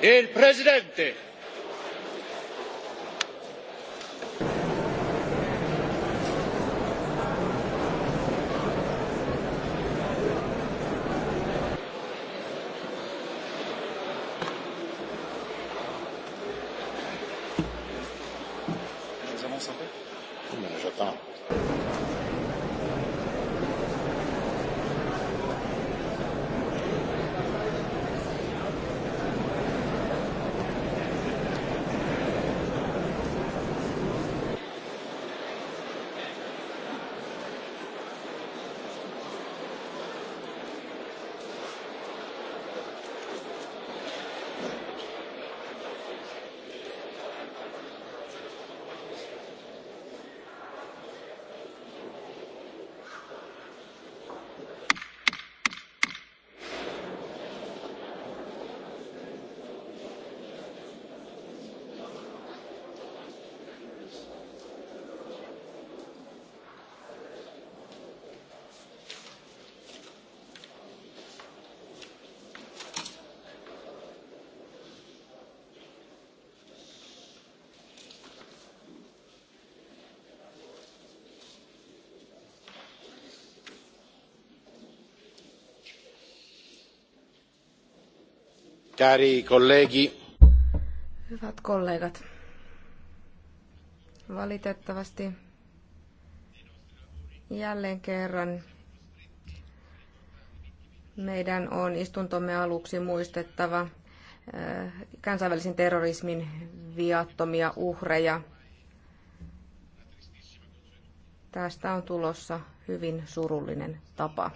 Il presidente. Nous avons un peu oh, J'attends. Cari colleghi. Hyvät kollegat. Valitettavasti jälleen kerran meidän on istuntomme aluksi muistettava eh, kansainvälisen terrorismin viattomia uhreja. Tästä on tulossa hyvin surullinen tapa.